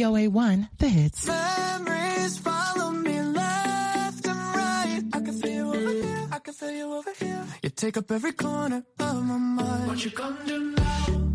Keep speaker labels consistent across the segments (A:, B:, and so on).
A: VOA1, the hits.
B: Memories follow me left and right. I can feel you over here. I can feel you over here. You take up every corner of my mind. you to now?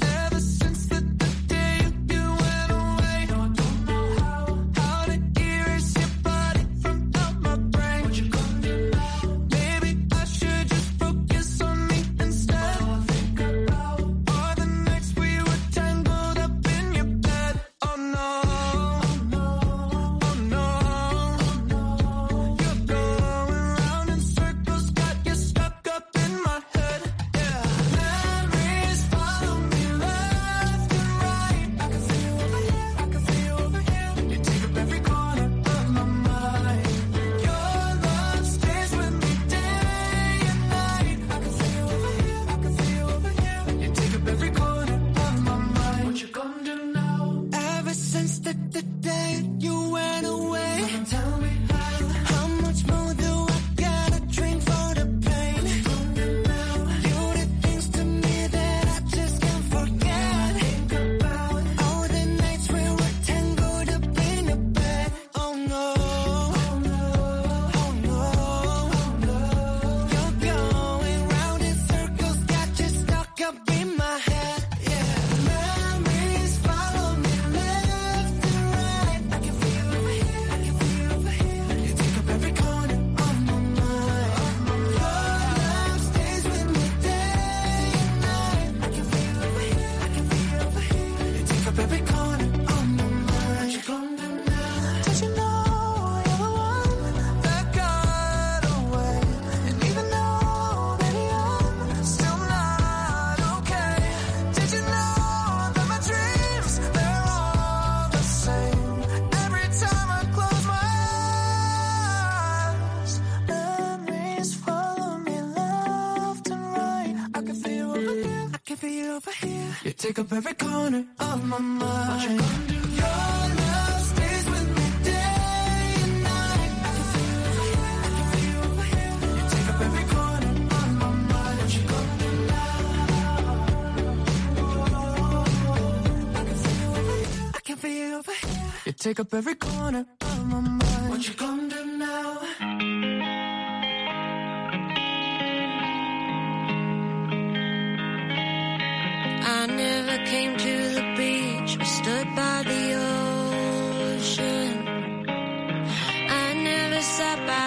B: take up every corner of my mind. Your love stays with me day and night. You take up every corner of my mind. What you gonna do I can feel over here. You take up every corner of my mind. What you gonna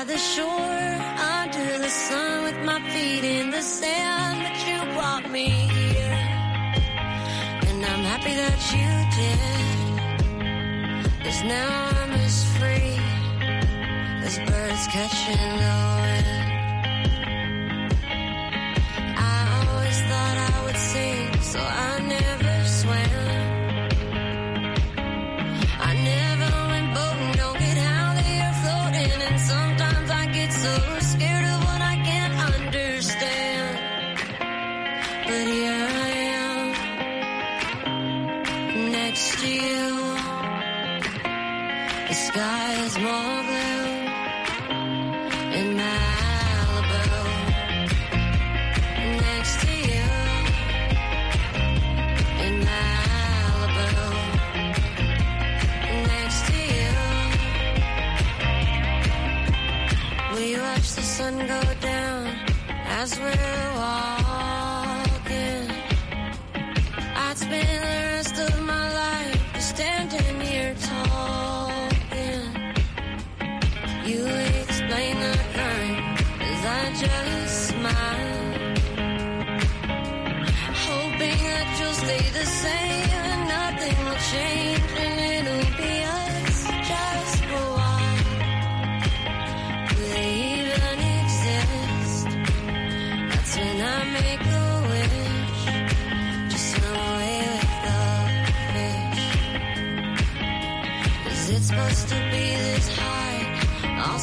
B: the shore, under the sun, with my feet in the sand. But you brought me here, and I'm happy that you did. Cause now I'm as free as birds catching the wind. I always thought I would sing, so I the sun go down as we're walking. I'd spend the rest of my life standing here talking. You explain the kind as I just smile, hoping that you'll stay the same and nothing will change.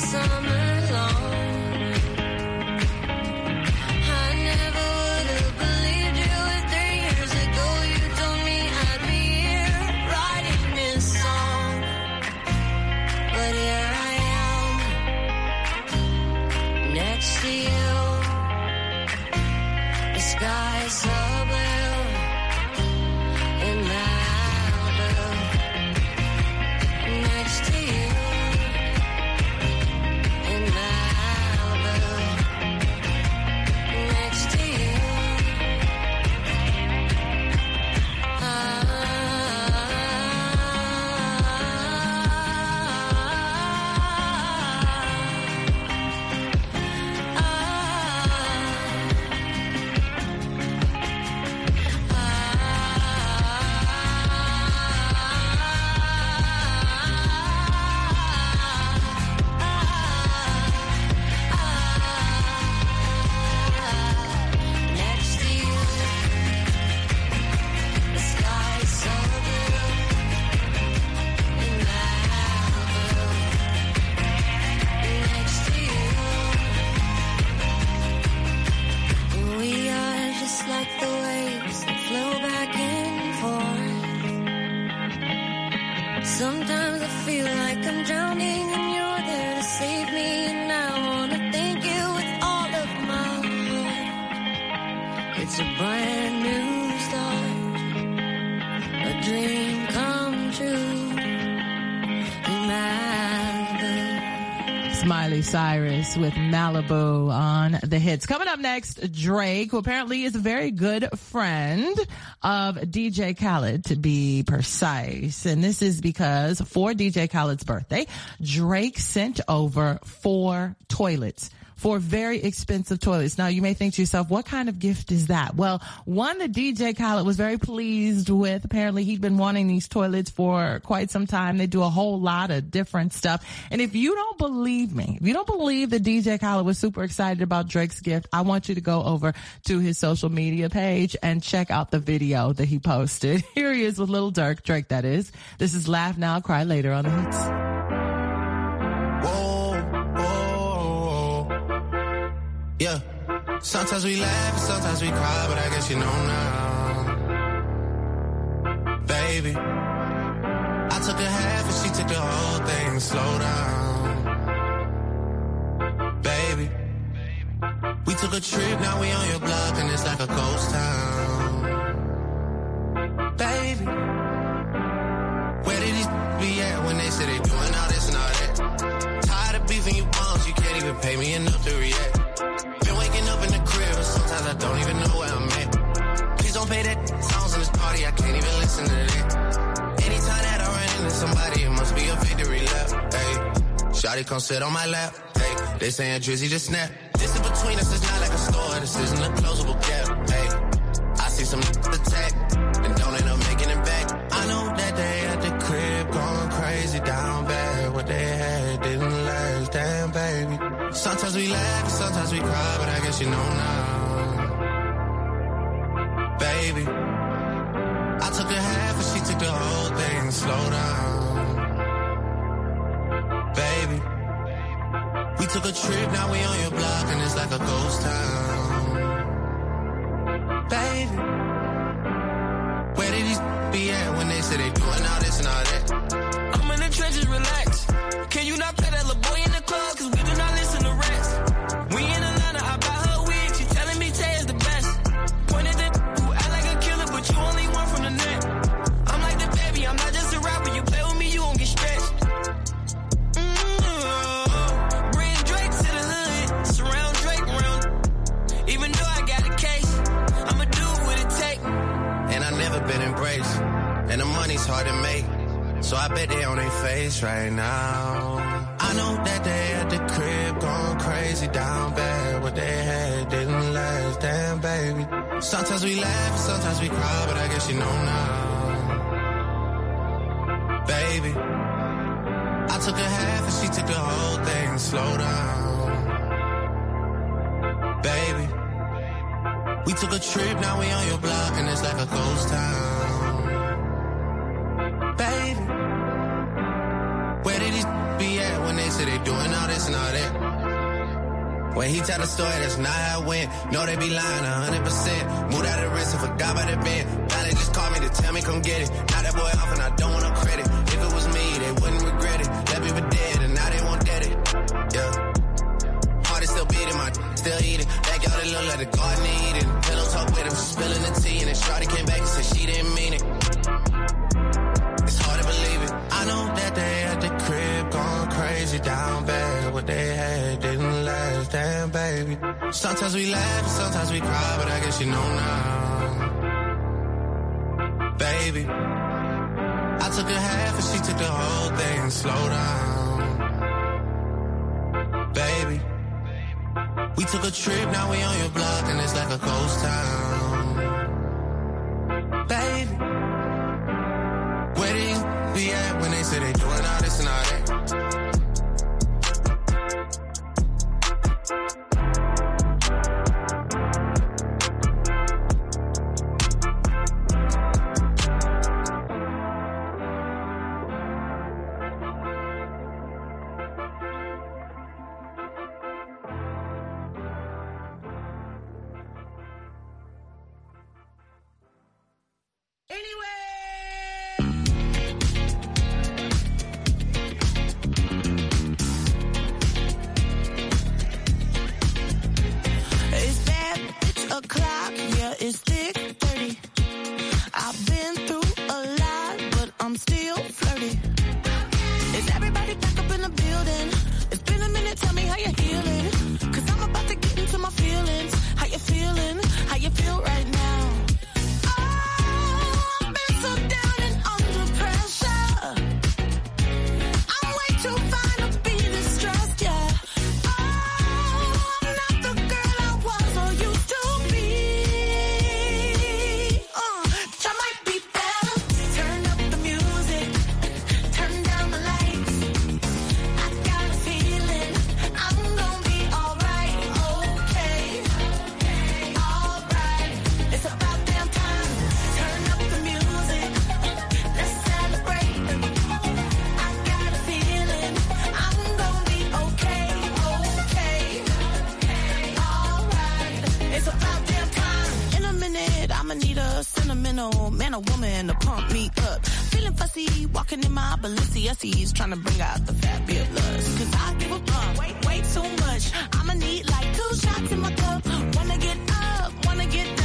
B: some
A: Cyrus with Malibu on the hits. Coming up next, Drake, who apparently is a very good friend of DJ Khaled, to be precise. And this is because for DJ Khaled's birthday, Drake sent over four toilets for very expensive toilets. Now you may think to yourself, what kind of gift is that? Well, one that DJ Khaled was very pleased with. Apparently he'd been wanting these toilets for quite some time. They do a whole lot of different stuff. And if you don't believe me, if you don't believe that DJ Khaled was super excited about Drake's gift, I want you to go over to his social media page and check out the video that he posted. Here he is with Little Dirk, Drake that is. This is Laugh Now, Cry Later on the Hits.
C: Sometimes we laugh sometimes we cry, but I guess you know now. Baby, I took a half and she took the whole thing. Slow down. Baby, we took a trip, now we on your block and it's like a ghost town. Baby, where did these be at when they said they doing all this and all that? Tired of beefing you bones, you can't even pay me enough. Shawty come sit on my lap. Hey, they saying Drizzy just snap. This is between us, it's not like a store. This isn't a closable gap. Hey, I see some attack, and don't end up making it back. I know that they at the crib going crazy down bad. What they had didn't last, damn baby. Sometimes we laugh, sometimes we cry, but I guess you know now. took a trip, now we on your block and it's like a ghost town. Baby, where did these be at when they said they doing all this and all that? bet they on their face right now. I know that they at the crib going crazy down bad. What they had didn't last, damn baby. Sometimes we laugh, sometimes we cry, but I guess you know now. Baby, I took a half and she took the whole thing. Slow down, baby. We took a trip, now we on your block, and it's like a ghost town shit, they doing all this and all that. When he tell the story, that's not how it went. No, they be lying 100%. Moved out of the risk and forgot about the bend. Now they just call me to tell me come get it. Now that boy off and I don't want no credit. If it was me, they wouldn't regret it. Left me for dead and now they won't get it. Yeah Heart is still beating, my still eating. Backyard, a little like the garden eating. Pillow talk with him, spilling the tea, and then Shawty came back and said she didn't mean it. Sometimes we laugh sometimes we cry, but I guess you know now. Baby, I took a half and she took the whole thing slow down. Baby, we took a trip, now we on your block and it's like a ghost town.
B: building. It's been a minute, tell me how you're healing. Cause I'm about to get into my feelings. How you feeling? How you feel right
A: man to pump me up. Feeling fussy, walking in my Balenciennes, trying to bring out the
B: fabulous. Cause I give a fuck, wait, wait too much. I'ma need
A: like two shots in my cup. Wanna get up, wanna get down.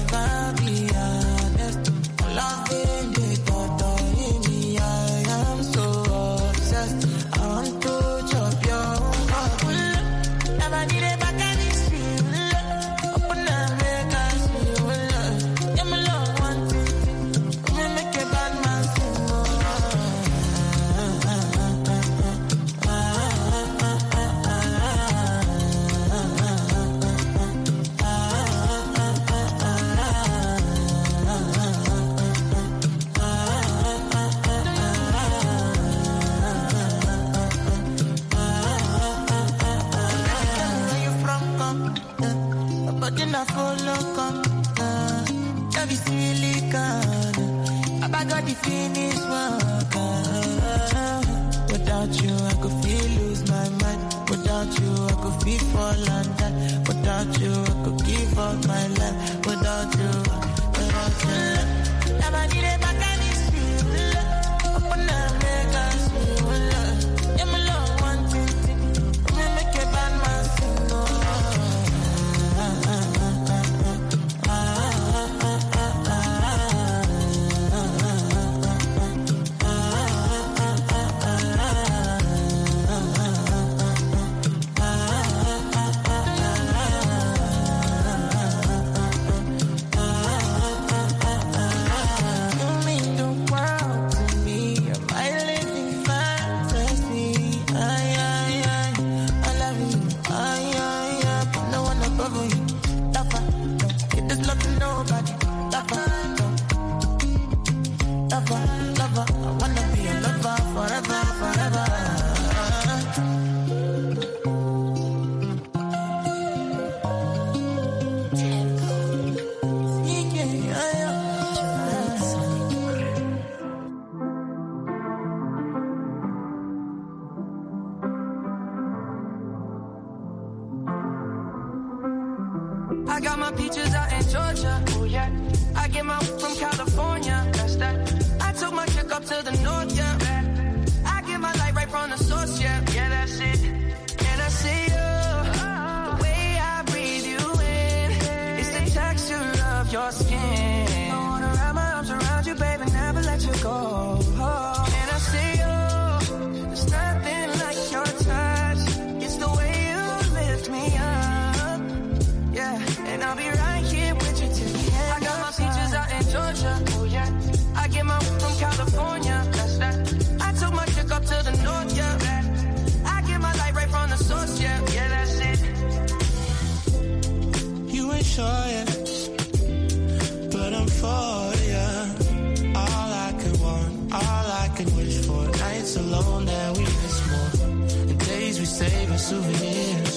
C: souvenirs.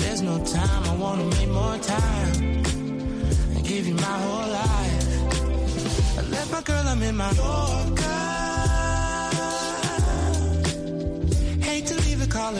C: There's no time, I wanna make more time. I give you my whole life. I left my girl, I'm in my Yorker. Hate to leave the call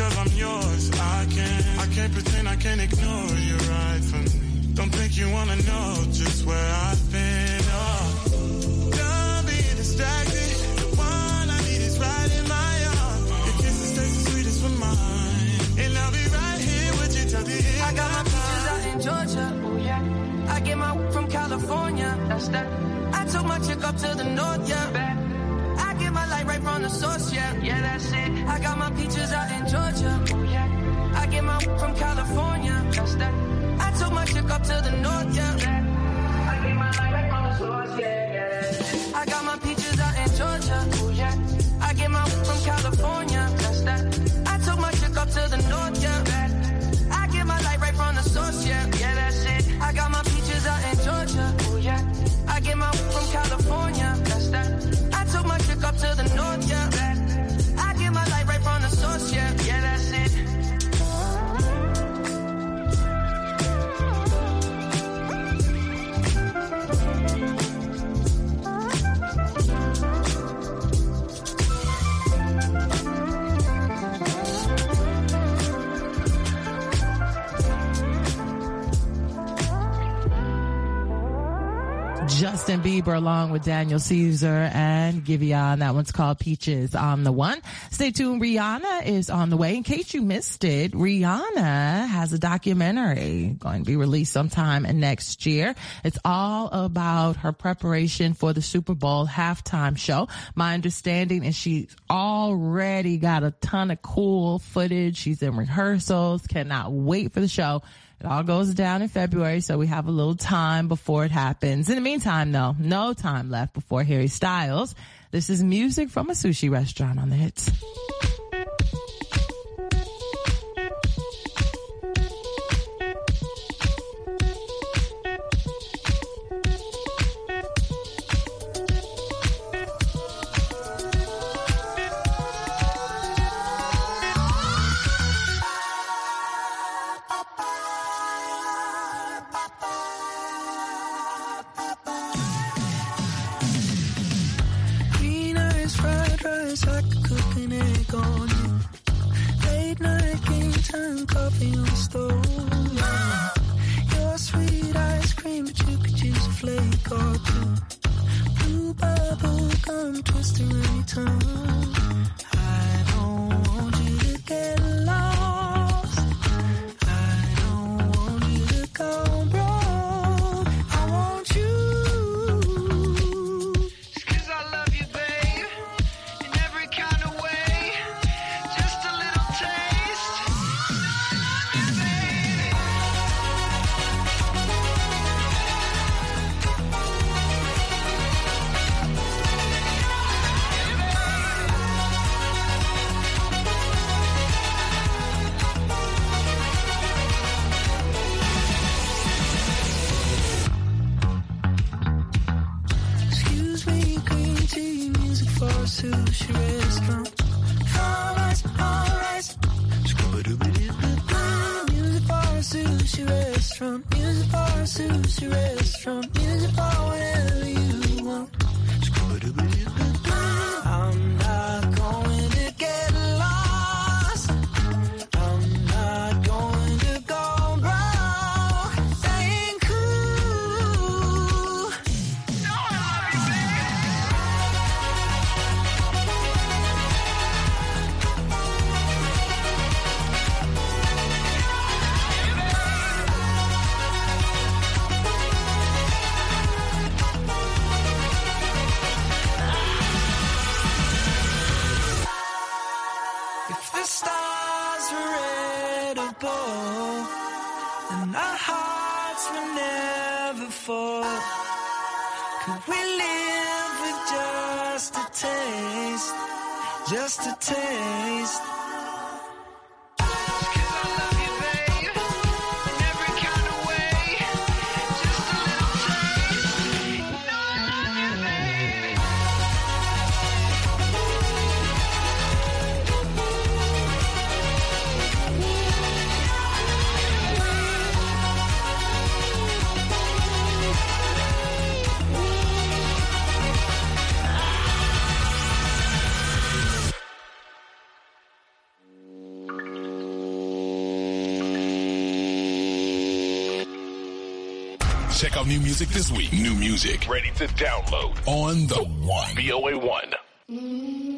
B: cause I'm yours. I can't, I can't pretend I can't ignore you right from me. Don't think you wanna know just where I've been. Oh. Don't be distracted. The one I need is right in my arms. Your kisses taste the sweetest with mine.
D: And I'll be right here with you till the end. I got my peaches out in Georgia. Oh yeah. I get my from California. That's that. I took my chick up to the north, yeah. Back yeah, yeah, that's it. I got my peaches out in Georgia. I get my from California. That's that. I took my chick up to the north, yeah. I get my life from the source, yeah.
A: Justin Bieber along with Daniel Caesar and Givian. That one's called Peaches on the One. Stay tuned. Rihanna is on the way. In case you missed it, Rihanna has a documentary going to be released sometime next year. It's all about her preparation for the Super Bowl halftime show. My understanding is she's already got a ton of cool footage. She's in rehearsals. Cannot wait for the show. It all goes down in February, so we have a little time before it happens. In the meantime, though, no time left before Harry Styles. This is music from a sushi restaurant on the hits.
B: gone. Late night
D: game time, coffee on the stove. Your sweet ice cream,
B: but you could use a flake or two. Blue bubble gum twister tongue. the stars were edible, and our hearts were never full. Could we live with just a taste, just a taste? this week. New music ready to download on the one. BOA one.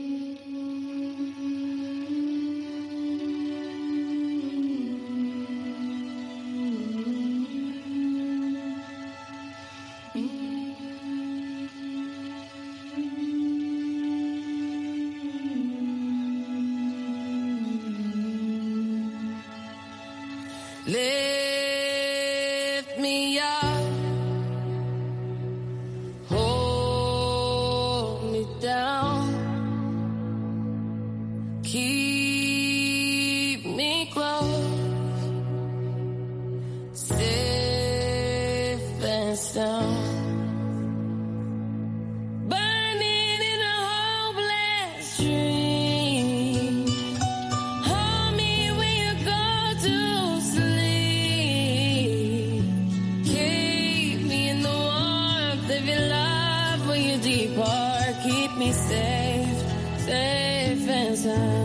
B: me safe, safe and sound.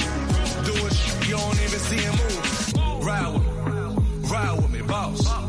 B: it, do it. You don't even see him
C: move. Ride with me, ride with me, boss.